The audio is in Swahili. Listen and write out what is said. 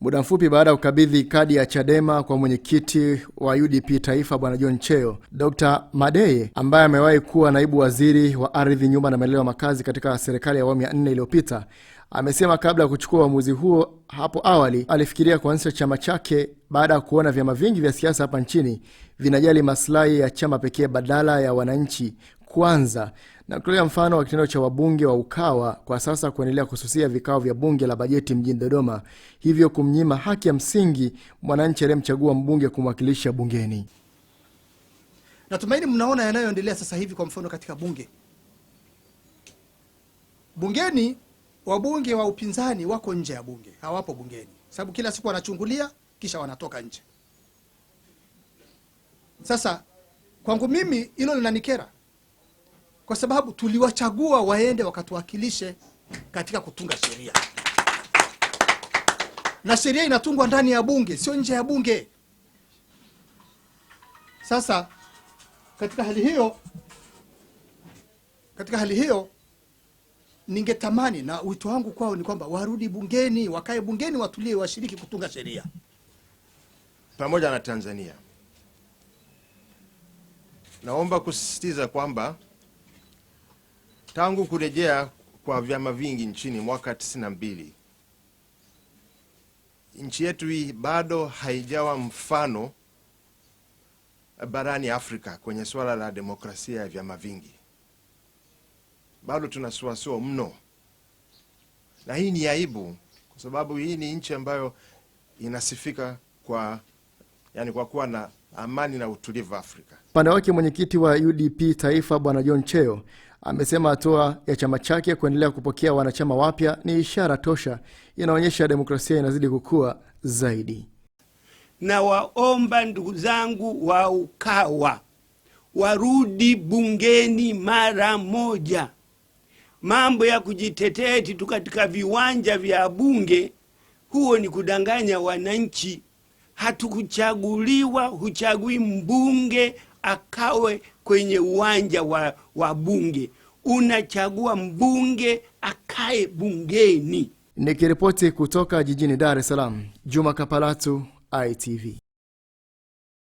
Muda mfupi baada ya kukabidhi kadi ya Chadema kwa mwenyekiti wa UDP Taifa Bwana John Cheo, Dr. Madeye ambaye amewahi kuwa naibu waziri wa ardhi, nyumba na maendeleo ya makazi katika serikali ya awamu ya nne iliyopita amesema kabla ya kuchukua uamuzi huo hapo awali alifikiria kuanzisha chama chake baada ya kuona vyama vingi vya siasa hapa nchini vinajali maslahi ya chama pekee badala ya wananchi kwanza na kutolea mfano wa kitendo cha wabunge wa Ukawa kwa sasa kuendelea kususia vikao vya bunge la bajeti mjini Dodoma, hivyo kumnyima haki ya msingi mwananchi aliyemchagua mbunge kumwakilisha bungeni. Natumaini mnaona yanayoendelea sasa hivi, kwa mfano katika bunge. Bungeni wabunge wa upinzani wako nje ya bunge, hawapo bungeni, sababu kila siku wanachungulia kisha wanatoka nje. Sasa kwangu mimi hilo linanikera kwa sababu tuliwachagua waende wakatuwakilishe katika kutunga sheria, na sheria inatungwa ndani ya bunge, sio nje ya bunge. Sasa katika hali hiyo, katika hali hiyo ningetamani na wito wangu kwao ni kwamba warudi bungeni, wakae bungeni, watulie, washiriki kutunga sheria pamoja na Tanzania. Naomba kusisitiza kwamba Tangu kurejea kwa vyama vingi nchini mwaka 92 nchi yetu hii bado haijawa mfano barani Afrika kwenye suala la demokrasia ya vyama vingi, bado tunasuasua mno, na hii ni aibu, kwa sababu hii ni nchi ambayo inasifika kwa yani kwa kuwa na amani na utulivu Afrika. Upande wake mwenyekiti wa UDP taifa Bwana John Cheo Amesema hatua ya chama chake kuendelea kupokea wanachama wapya ni ishara tosha, inaonyesha demokrasia inazidi kukua zaidi. nawaomba ndugu zangu wa Ukawa warudi bungeni mara moja. Mambo ya kujitetea eti tu katika viwanja vya bunge, huo ni kudanganya wananchi. Hatukuchaguliwa, huchagui mbunge akawe kwenye uwanja wa, wa bunge. Unachagua mbunge akae bungeni. Nikiripoti kutoka jijini Dar es Salaam, Juma Kapalatu, ITV.